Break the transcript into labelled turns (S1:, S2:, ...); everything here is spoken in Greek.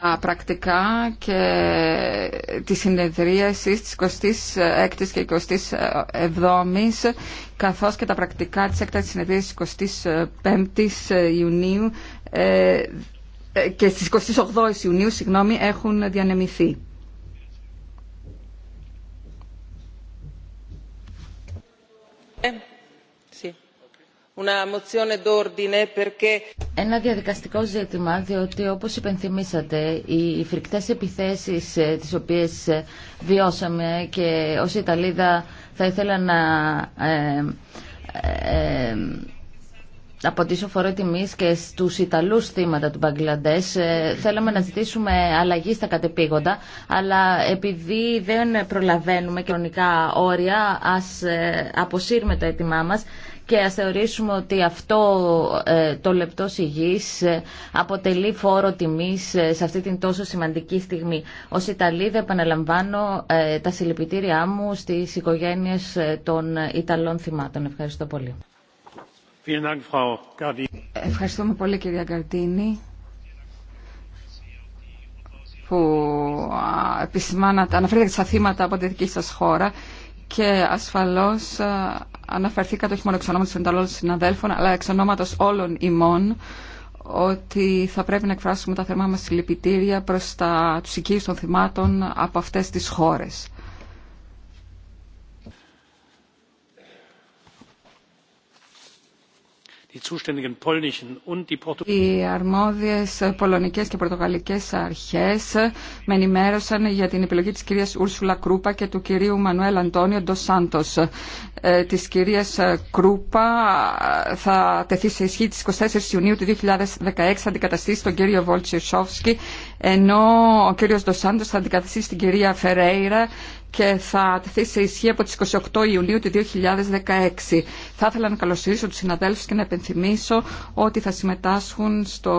S1: Τα πρακτικά και τη συνεδρίαση τη 26η και 27η, καθώ και τα πρακτικά τη εκτατη της συνεδρίαση 25η Ιουνίου και στι 28η Ιουνίου, συγγνώμη, έχουν διανεμηθεί. Ε, sì. Una mozione d'ordine perché
S2: ένα διαδικαστικό ζήτημα, διότι όπως υπενθυμίσατε, οι φρικτές επιθέσεις ε, τις οποίες ε, βιώσαμε και ως Ιταλίδα θα ήθελα να ε, αποτίσω φορό τιμής και στους Ιταλούς θύματα του Μπαγκλαντές. Ε, θέλαμε να ζητήσουμε αλλαγή στα κατεπήγοντα, αλλά επειδή δεν προλαβαίνουμε κοινωνικά όρια, ας ε, αποσύρουμε το αίτημά μας και ας θεωρήσουμε ότι αυτό ε, το λεπτό υγιής αποτελεί φόρο τιμής σε αυτή την τόσο σημαντική στιγμή. Ως Ιταλίδα επαναλαμβάνω τα συλληπιτήριά μου στις οικογένειες των Ιταλών θυμάτων.
S1: Ευχαριστώ πολύ. Ευχαριστούμε πολύ κυρία Γκαρτίνη που αναφέρθηκε αναφέρετε στα θύματα από τη δική σας χώρα και ασφαλώς αναφερθήκατε όχι μόνο εξ ονόματος των Ιταλών συναδέλφων αλλά εξ ονόματος όλων ημών ότι θα πρέπει να εκφράσουμε τα θερμά μας συλληπιτήρια προς τα, τους οικείους των θυμάτων από αυτές τις χώρες. Οι αρμόδιες πολωνικές και πορτογαλικές αρχές με ενημέρωσαν για την επιλογή της κυρίας Ούρσουλα Κρούπα και του κυρίου Μανουέλ Αντώνιο Ντοσάντος ε, της κυρίας Κρούπα ε, θα τεθεί σε ισχύ τις 24 Ιουνίου του 2016 θα αντικαταστήσει τον κύριο Βολτσισόφσκι ενώ ο κύριος Ντοσάντος θα αντικαταστήσει την κυρία Φερέιρα και θα τεθεί σε ισχύ από τις 28 Ιουλίου του 2016. Θα ήθελα να καλωσορίσω τους συναδέλφους και να επενθυμίσω ότι θα συμμετάσχουν στο